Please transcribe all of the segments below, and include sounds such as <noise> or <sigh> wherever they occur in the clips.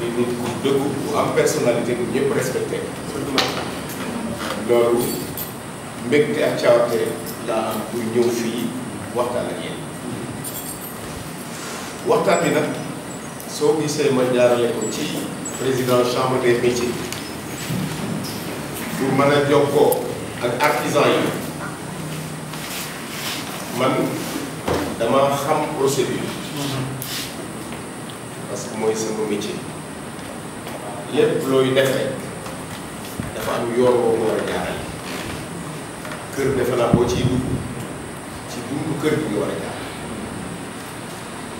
di nit ku dëggu ku am personnalité bu ñëpp respecté loolu mbégte ak caawarte laa am pour ñëw fii waxtaan ak yéen waxtaan bi nag soo gisee ma jaarale ko ci président chambre des métiers pour mën a jokkoo ak artisan yi man dama xam procédure mhm. parce que mooy sama métier. lépp looy def rek dafa am yoon woo ko war a jaarale kër defe naa boo ciy dugg ci dundu kër bi nga war a jaar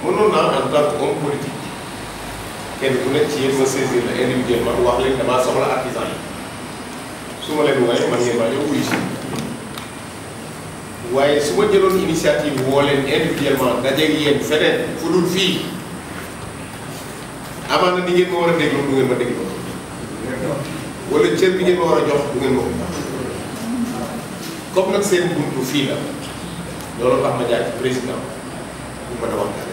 mënoon naa en tant que homme politique kenn ku nekk ci yéen ma saisir la individuellement wax leen damaa soxla artisan su ma leen wooyee man ngeen maa ñëw si waaye su ma jëloon initiative woo leen individuellement dajeeg yéen feneen fu dul fii. amaan ni ngeen ma war a déglu du ngeen ma déglu wala cër bi ngeen ma war a jox du ngeen comme nag seen buntu fii la loolu tax ma jaar ci président bu mën a waxtaan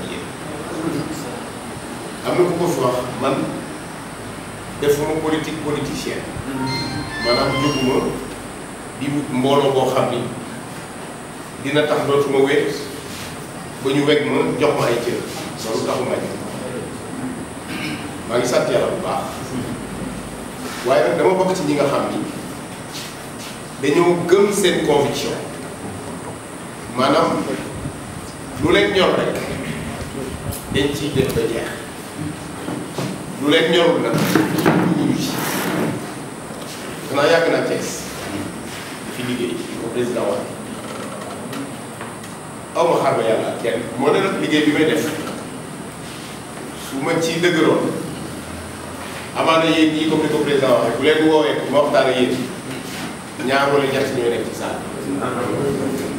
ak am na ku ko fi wax man defuma politique politicienne maanaam jóguma di wut mbooloo boo xam ni dina tax dootuma wéet ba ñu weg ma jox ma ay cër loolu taxu ma maa ngi sant yàlla bu baax waaye nag dama bokk ci ñi nga xam ni dañoo gëm seen conviction maanaam lu leen ñor rek dañ ciy def ba jeex lu leen ñorul nag dugg ci yàgg naa Thiès fi liggéey ko président wax aw xaar ba yàlla kenn moo ne nag liggéey bi may def su ma ciy dëgëroon amaana yéen ñii comme ni ko président waxee bu leen woowee ma waxtaan ak yéen ñaar wala ñett ñooy nekk ci saal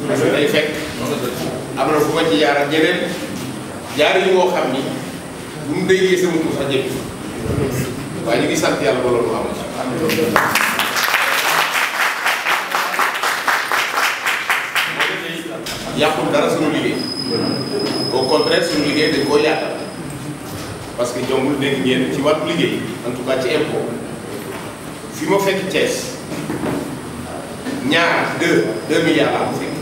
parce que day fekk am na fu ma ci jaar ak ñeneen jaar yi moo xam ni bu mu déggee sama tur sax jëpp waaye ñu ngi sant yàlla ba loolu am yàqul dara suñu liggéey au contraire suñu liggéey dañ koo yaatal parce que jombul dégg ngeen ci wàllu liggéey en tout cas ci impôt fi ma fekk Thiès ñaar deux deux milliards laa ma fekk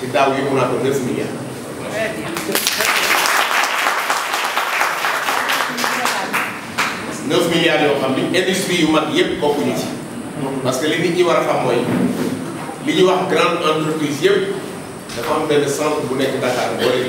ci daaw yi naa ko neuf milliards. neuf milliards yoo xam ni industrie yu mag yépp bokkuñu ci. parce que li nit ñi war a xam mooy li ñuy wax grande entreprise yépp dafa am benn centre bu nekk Dakar boo leen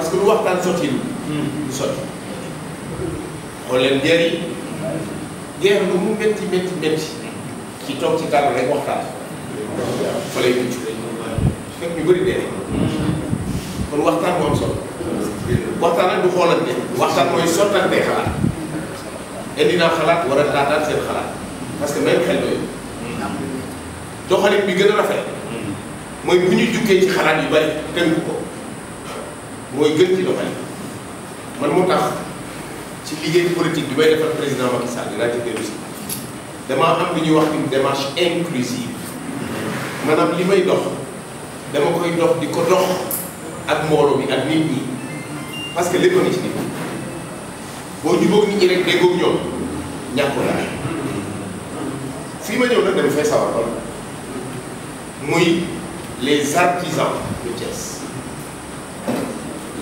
parce que lu waxtaan sotti lu du sotti xool leen guerre yi guerre lu mu métti métti métti ci toog ci table rek waxtaan fa lay mucc fekk ñu bëri dee kon waxtaan moo am waxtaan nag du xoolante waxtaan mooy sottante xalaat indi xalaat war a taataan seen xalaat parce que même xel yooyu doxalin bi gën a rafet mm. mooy bu ñu jukkee ci xalaat yu bëri tënk ko moy gën ci doxalin man moo tax ci liggéey politique bi may defal président Macky Sall dinaa ci dellu si damaa am lu ñuy wax une démarche inclusive maanaam li may dox dama koy dox di ko dox ak mbooloo bi ak nit ñi parce que lépp ngi ci nit boo jubóog nit ñi rek déggoog ñoom ñàkku laa fii ma ñëw nag dama fay sawar lool muy les artisans de Thiès.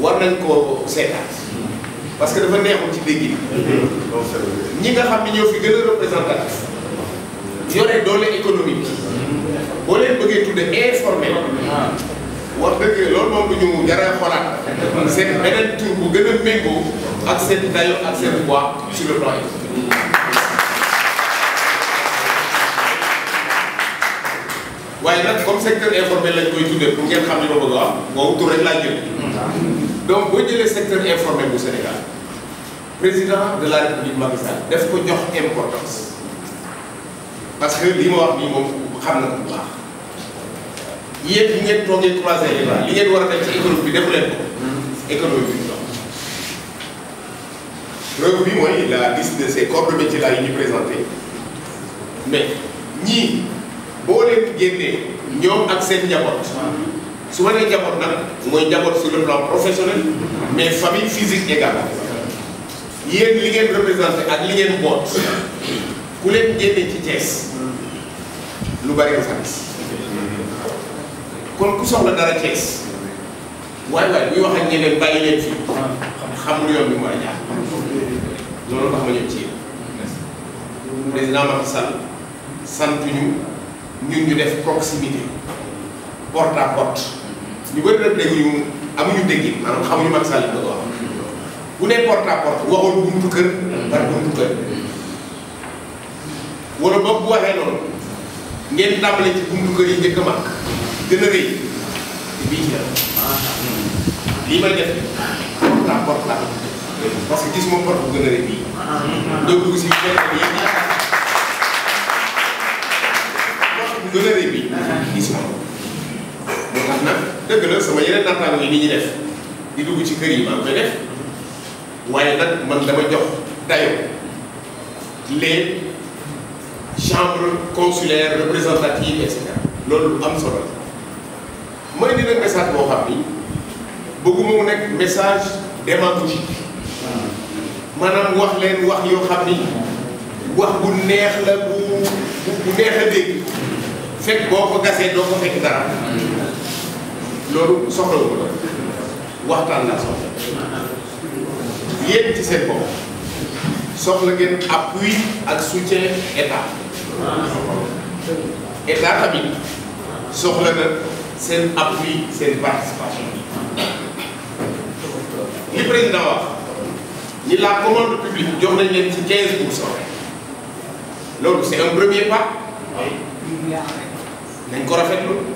war nañ koo seetaat parce que dafa neexul ci dégg ñi nga xam ne ñoo fi gën a représentatif yore doole économique boo leen bëggee tudde informé wax moom bu ñu jara xoolaat seen gën a méngoo ak seen dayo ak seen poids sur waaye nag comme secteur informel lañ koy tuddee pour ngeen xam ne ma bëgg a wax boobu rek laa jël Donc, vous êtes le secteur informé du Sénégal, président de la République Macky Sall, il faut une importance. Parce que ce que je veux dire, c'est que vous avez le droit. Vous avez le droit de croiser les droits. Vous avez le droit de faire l'économie. Vous avez la liste de ces corps de métier là, est présentée. Mais, si vous avez le droit de faire l'économie, su ma nee njaboot nag mooy njaboot sur le plan professionnel mais famille physique également yéen li ngeen représenté ak li ngeen boot ku leen génne ci Thiès lu bari nga fa kon ku soxla dara Thiès waaye waaye buy wax ak ñeneen bàyyi leen fii xam yoon bi mu war a jaar loolu tax ci yéen président Macky Sall ñu ñun ñu def proximité. porte à porte ñu bëri nag dañuy amuñu dégg maanaam xamuñu Macky Sall bëgg wax bu nee porte à porte waxul kër par buntu kër wala boog bu waxee noonu ngeen tàmbale ci buntu kër yi njëkk a gën a rëy lii may def porte à porte la parce que gis moom porte bu gën a rëy bii ñoo dugg si yi gën a rëy bii gis moom moo nag dëgg la sama yeneen naataango yi ni ñuy def di dugg ci kër yi maa koy def waaye nag man dama jox dayo les chambres consulaires représentatives et cetera loolu lu am solo la mooy dina message boo xam ni bëgguma mu nekk message démagogique maanaam wax leen wax yoo xam ni wax bu neex la bu bu neex a dégg fekk boo ko gasee doo ko fekk dara loolu soxla wu la waxtaan la soxla yéen ci seen bopp soxla ngeen appui ak soutien état état tamit soxla na seen appui seen participation li président wax ni la commande publique jox nañ leen ci 15 pour cent loolu c'est un premier pas nañ ko rafetlu.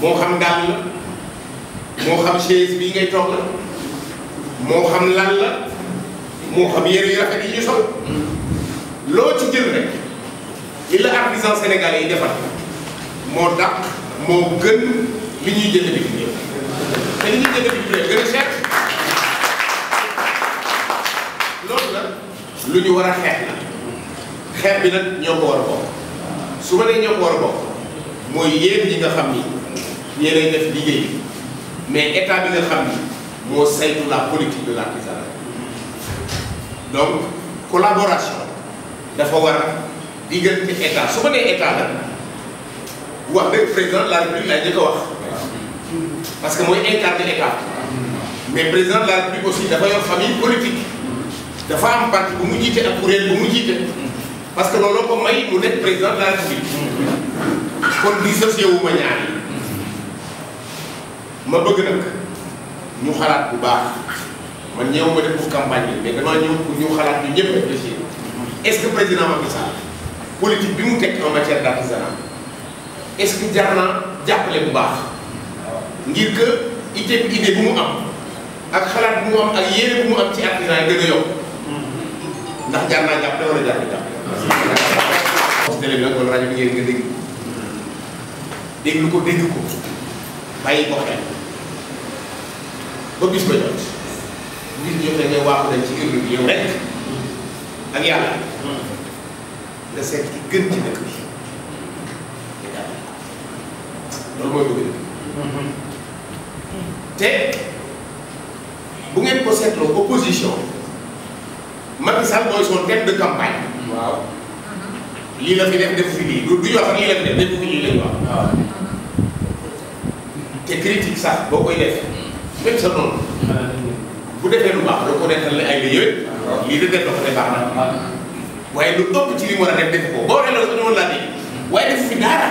moo xam daal la moo xam chaise bii ngay toog la moo xam lan la moo xam yére yu rafet yi ñu sol loo ci jël rek li la artisan sénégalais yi defar moo dàq moo gën li ñuy jënd bi ñëw te li ñuy jënd bi ñëw gën a cher loolu nag lu ñu war a xeex la xeex bi nag ñoo ko war a bokk Si vous nee ko war a bokk ñi nga xam ni def liggéey mais état bi nga xam ni saytu la politique de l'artisanat donc collaboration dafa war avoir diggante état vous ma état la wax président de la république il njëkk a wax parce que mooy de état mais président de la république aussi dafa une famille politique dafa am parti bu mu jité ak bu mu parce que loolu ko may mu nekk président de la République kon dissocié wu ma ma bëgg nag ñu xalaat bu baax man ñëw ma def pour campagne bi mais damaa ñëw pour ñu xalaat ñu ñëpp réfléchir est-ce que président Macky Sall politique bi mu teg en matière d'artisanat est-ce que jar naa jàppale bu baax ngir que idée bi idée bu mu am ak xalaat bu mu am ak yéene bu mu am ci artisanat yi gën a yokk ndax jar naa jàppale wala jar na jàppale télé bi nag rajo bi ngeen nga dégg ko déglu ko dégg ko bàyyi ko xel ba bis jot bis bi jotee ngay waaxu dañ ci urne bi yow rek ak yàlla nga seet ki gën ci dëkk bi loolu mooy bëgg te bu ngeen ko seetloo opposition Macky Sall mooy son thème de campagne waaw lii la fi def def fi lii du wax lii la fi def def fi lii lañ ah. te critique sax boo koy def même sa noonu bu defee lu baax doo ko nekkal ne ay la yëwét ah. lii da def dafa ne baax ah. waaye lu ëpp ci li mu war a def def ko boo ne la ñoon laa dee waaye def fi dara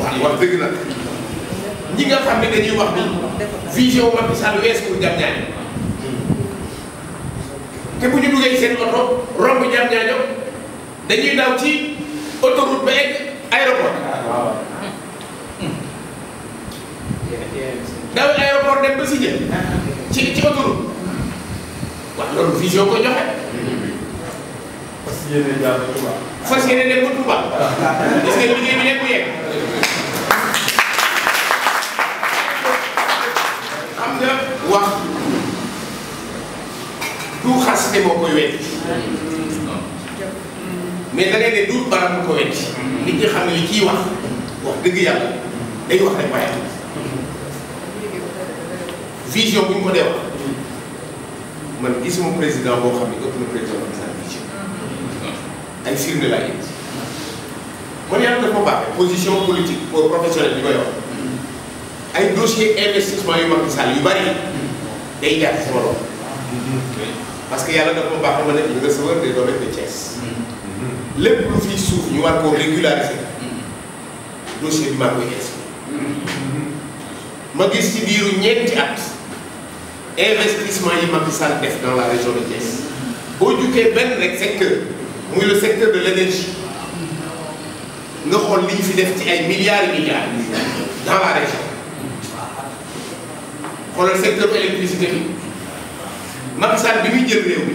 waaw wax dëgg nag ñi nga xam ne dañuy wax ni vision Macky Sall wees pour jam ñaani te bu ñu duggee seen oto romb jam ñaajo dañuy daw ci autoroute ba egg aéroport. daw aéroport dem ba si jël ci ci autoroute wax loolu ko joxe. fas yéene dem ba Touba. fas yéene dem ba Touba. est-ce <laughs> que liggéey bi yegg bu yegg. passé moo koy wetti mais da ngay ne duur xam ne li ciy wax wax dëgg yàlla day wax rek waaye vision bu ñu ko dee wax man président boo xam ne ëpp na président Macky Sall vision ay firnde laa indi man yàlla dafa baaxee position politique pour professionnel bi koy wax ay dossier investissement yu Macky Sall yu bari day jaar sama loxo parce que yàlla dafa baax mën a recevoir des domaines de Thiès. Mm-hmm. lépp lu fiy suuf ñu war koo régulariser. Mm-hmm. dossier bi maa koy expliqué. Mm-hmm. ma gis ci biiru ñeenti at investissement yi Macky Sall def dans la région de Thiès boo jukkee benn rek secteur muy le secteur de l' énergie nga xool li ñu fi def ci ay milliards et milliards dans la région xoolal secteur électricité bi. Macky Sall bi muy jël réew mi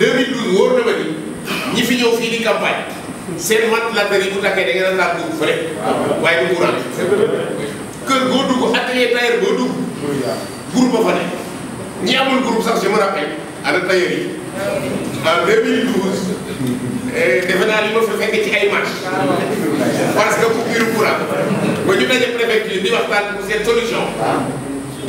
2012 wóor na ma ñi fi ñëw fii di campagne seen mat la bu takkee da ngeen a laal dugg fële. waaye du courant. kër goo dugg atelier tailleur goo dugg. groupe ba fa ne ñi amul groupe sax je eh, naa li ma fi fekk ci ay marche waxtaan seen solution.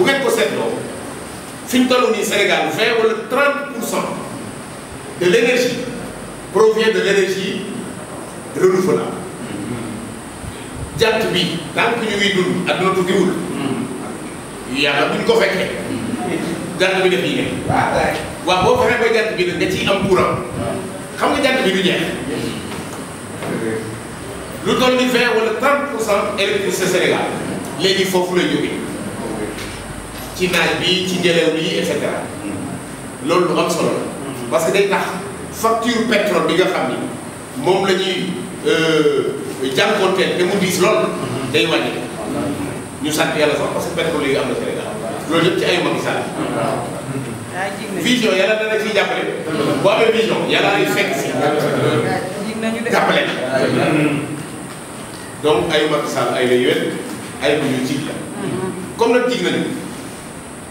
bu ngeen ko seetloo fi ñu toll nii Sénégal vingt wala trente pour cent de l' énergie provient de l' énergie renouvelable bi tant que ñu ngi dund ak dootu diwul yàlla bu ñu ko fekkee jant bi def yi ne waaw boo fexee koy jant bi ne nga ciy am xam nga jant bi du jeex lu toll ni vingt wala trente pour cent électricité Sénégal léegi foofu lay jógee ci naaj bi ci ngelaw bi et cetera loolu lu am solo la parce que day tax facture pétrole bi nga xam ni moom la ñuy euh, jànkonteel te mu diis lool day wàññi ñu sant yàlla sax parce que pétrole yi am na Sénégal loolu yëpp ci ay Macky Sall vision yàlla dana ciy jàppale boo amee vision yàlla lay fekk si jàppale donc ay Macky ay la yéen ay bu ñu jig la comme nag jig nañu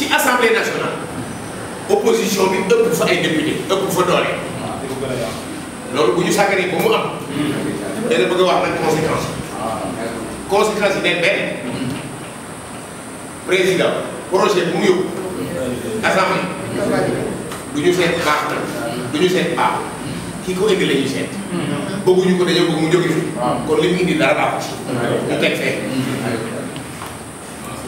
ci assemblée nationale opposition bi ëpp fa ay député ëpp fa doole. loolu bu ñu sàgganee ba mu am. dana bëgg a wax nag conséquence yi. conséquence benn président projet bu mu yóbbu. assemblée du ñu seet baax na du ñu seet baax ki ko indi la ñuy bëgguñu ko dañoo bëgg mu jóge fi. kon li mu indi dara baaxul ci. ñu teg fee.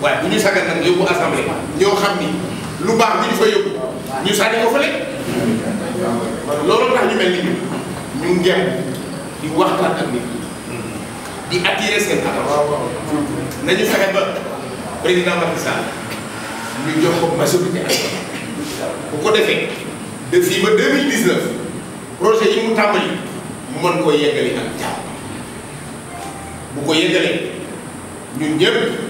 waaye bu ñu sagal nag yóbbu assemblée ñoo xam lu baax li ñu fa yóbbu ñu sànni ko tax ñu ñu di waxtaan ak nit di attirer seen attention nañu fexe ba président Macky Sall ñu jox ko majorité bu ko defee de fii ba 2019 projet yi mu mu mën yeggali ak bu ko ñun ñëpp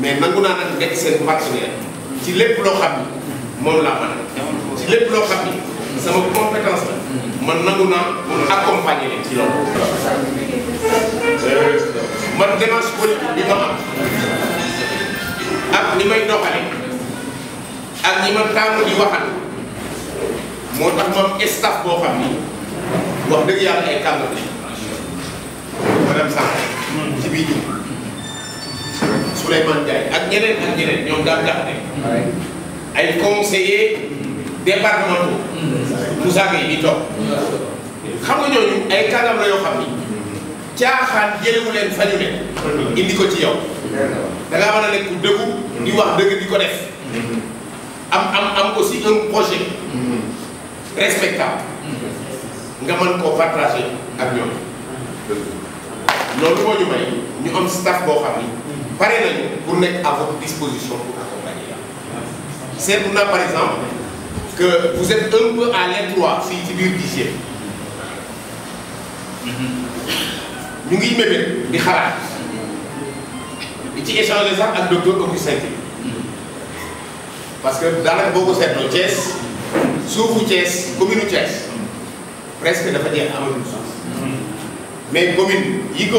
mais nangu na nak nek sen partenaire ya. ci lepp lo xamni mom la man ci lepp lo xamni sama compétence la man nangu na pour accompagner ci lo man démarche politique bi ma am ak ni may doxale ak ni ma tamu di waxal motax mom staff bo xamni wax deug yalla ay kàmm madame sax ci biir Souleymane Ndiaye ak ñeneen ak ñeneen ñoom daal jaxate ay conseillers départementaux. Moussa Gueye di toog. xam nga ay kàngam la yoo xam ni caaxaan jëlewu leen fa indi ko ci yow. da ngaa mën a nekk ku dëggu. di wax dëgg di ko def. am am am aussi un projet. respectable. nga mën koo partager ak ñoom. loolu moo ñu may ñu am staff boo xam ni. par exemple, vous être à votre disposition pour accompagner. C'est pour ça par exemple, que vous êtes un peu à l'étroit, si tu veux dire. Nous y mettons, les charades. Et tu échanges les armes avec le docteur Augustin. Parce que dans le Bogo, c'est notre chess, sous vous chess, commune ou chess. Presque, ça veut dire à de sens. Mhm. Mais commune, il y a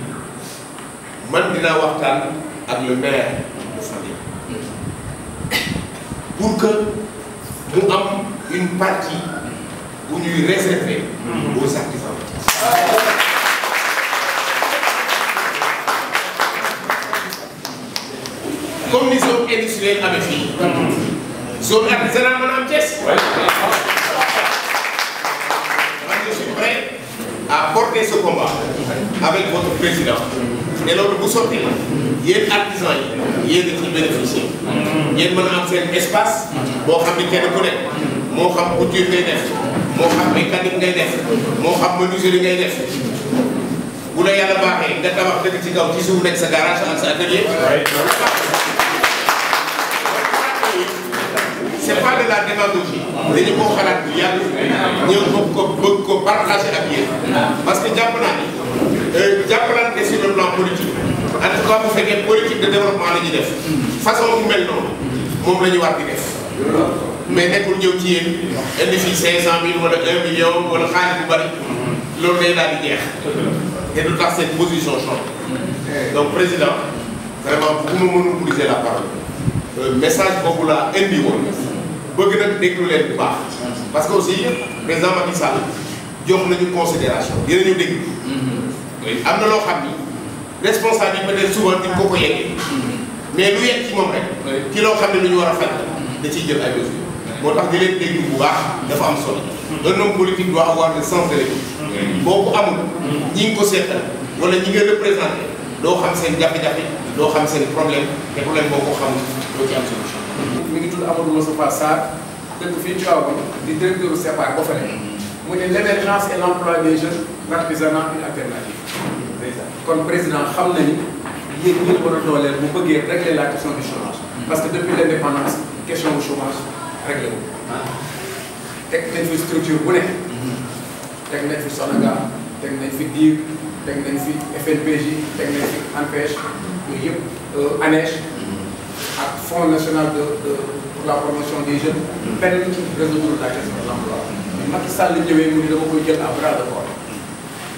Mandina dinaa avec le maire de Saint-Denis. pour que nous am une partie bu nous réserver aux artisans. comme ni zone industrielle avec zone artisanale je suis prêt à porter ce combat avec votre président. te loolu bu soppi ma yéen artisan yi yéen a ciy bénéficier ngeen a am seen espace boo xam ne kenn ku nekk moo xam couture ngay def moo xam mécanique ngay def moo xam menuiserie ngay def bu la yàlla baaxee nga tabax dëkk ci kaw ci suuf nekk sa garage ak sa atelier. c'est pas de la démagogie dañu koo xalaat bu yàgg ñëw ko ko bëgg ak yéen parce que jàpp naa ni. Euh, jàppalante sur le plan politique en tout cas bu fekkee politique de développement la ñuy def façon bu mel noonu moom la ñu war di def mais nekkul ñëw ci yéen indi fii 500000 wala 1 million wala xaalis bu bari loolu day daal di jeex et du tax position change donc président vraiment bu ma monopoliser la parole euh, message boobu laa indi woon bëgg nag déglu leen bu baax parce que aussi président Macky Sall jox nañu considération dinañu déglu. am na loo xam ni responsable yi peut-être souvent duñ ko ko yeggee. mais lu yegg ci moom rek. ci loo xam ne lu ñu war a faj da ciy jël ay mesures. moo tax di leen déglu bu baax am solo. un homme politique doit avoir le sens de l'écoute. boo ko amul. Mm. ñi ngi ko seetal wala ñi nga représenté doo xam seen jafe-jafe doo xam seen problème te problème boo ko xamul doo ci am solution. mi ngi tudd Amadou Moustapha Sarr dëkk fii Tivaouane di directeur CEPAC ba fa ne mm. mu ne l'émergence et l'emploi des jeunes. l'artisanat une alternative kon président xam na ni yéen ñi bu bëggee régler la question du chômage parce que depuis l'indépendance question du chômage réglé wu teg nañ fi structure bu ne teg nañ fi Sonaga teg nañ fi DIR teg nañ fi FNPJ teg nañ fi ANPEJ yooyu yëpp euh, ANEJ Fonds national de de, pour la promotion des jeunes peine de résoudre la question de l'emploi mais Macky Sall ñëwee mu ne dama koy jël à bras de corps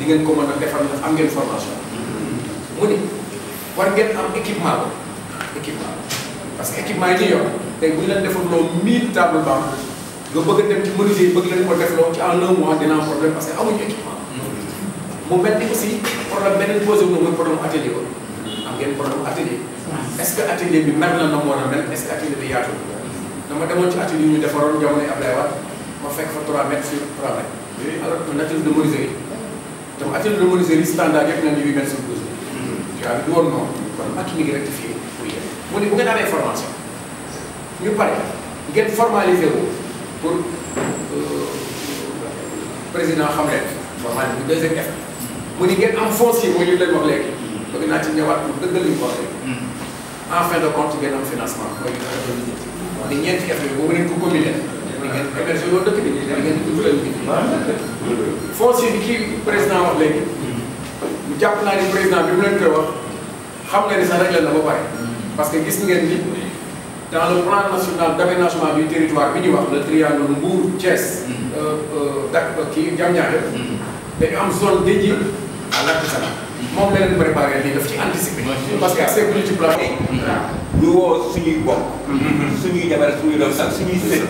di ngeen ko mën a defar ndax am ngeen formation mu ne war ngeen am équipement la équipement parce que équipement yi ñu yor tey bu ñu leen defaloo 1000 bëgg a ci menuisier bëgg leen ko defloo ci en un mois dina am problème parce que amuñu équipement mu mel ni aussi problème beneen posé wu mooy problème atelier ko am ngeen problème atelier est-ce que atelier bi mel na na mu war a mel est-ce que atelier bi yaatu dama demoon ci atelier ñu defaroon jamono Abdoulaye Wade ma fekk fa 3 mètres sur 3 mètres alors que nature de menuisier donc affaire de menuiserie standard yëpp nañu huit mètres sur douze mètres. waaw du noonu kon Macky mi ngi rectifié pour mu ne bu ngeen amee formation ñu pare ngeen formalisé wu pour euh, président xam leen formalisé bu deuxième effet mu ni ngeen am foncier mooy li leen wax léegi. bëgg naa ci ñëwaat pour dëggal li ñu wax léegi. Hmm. en fin de compte ngeen am financement mooy li nga xam ne ñeenti effet boobu ngeen ko combiné. di ngeen émergé woon dëkk bi di ngeen dundal bi foos yi kii président wax léegi mu jàpp naa ni président bi mu leen koy wax xam nga ni sax rek la ba pare parce que gis ngeen ni dans le plan national d'aménagement du territoire bi ñuy wax le triangle Mbour Thiès euh, euh, dak euh, kii Diamniadio dañu am zone dédiée à l'artisanat moom la leen préparé lii daf ci anticiper parce que accès bu ñu ci plan ñu woo suñuy bokk. suñuy jabar suñuy doom sax suñuy sët.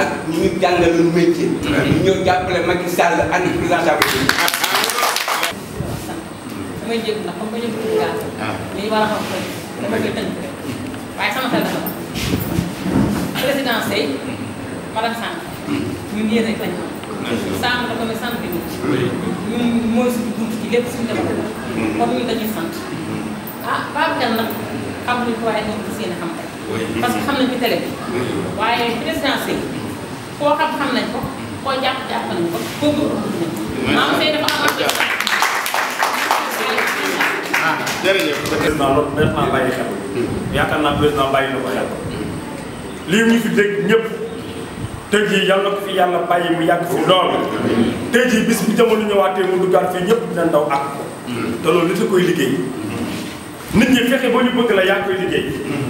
ak ñu ñu jàngal lu métier. ñu ñëw jàppale Macky Sall ànd ak président Sall. damay jël ndax comme que ñëpp ah. dañu li ñu war a xam ko dafa koy tënk rek waaye sama xel dafa président Seye madame Sall hmm. ñun yéen rek lañu xam. Sall dafa mel sant bi suñu bunt ci lépp suñu demoon. Hmm. comme ñun dañuy sant hmm. ah Babacar nag. xam nañ ko waaye ñoom seen xam tey parce que xam nañ ci télé bi waaye présidentiel koo xam xam nañ ko koo jàpp jàpp nañ ko koo naa président bàyyi na ko xel lii ñu fi dégg ñëpp mu yàgg fi lool hmm. tey mu duggaat fii ñëpp dina ndaw ak hmm. te loolu nit la koy liggéey nit ñi fexe ba ñu bëgg la yaa koy liggéey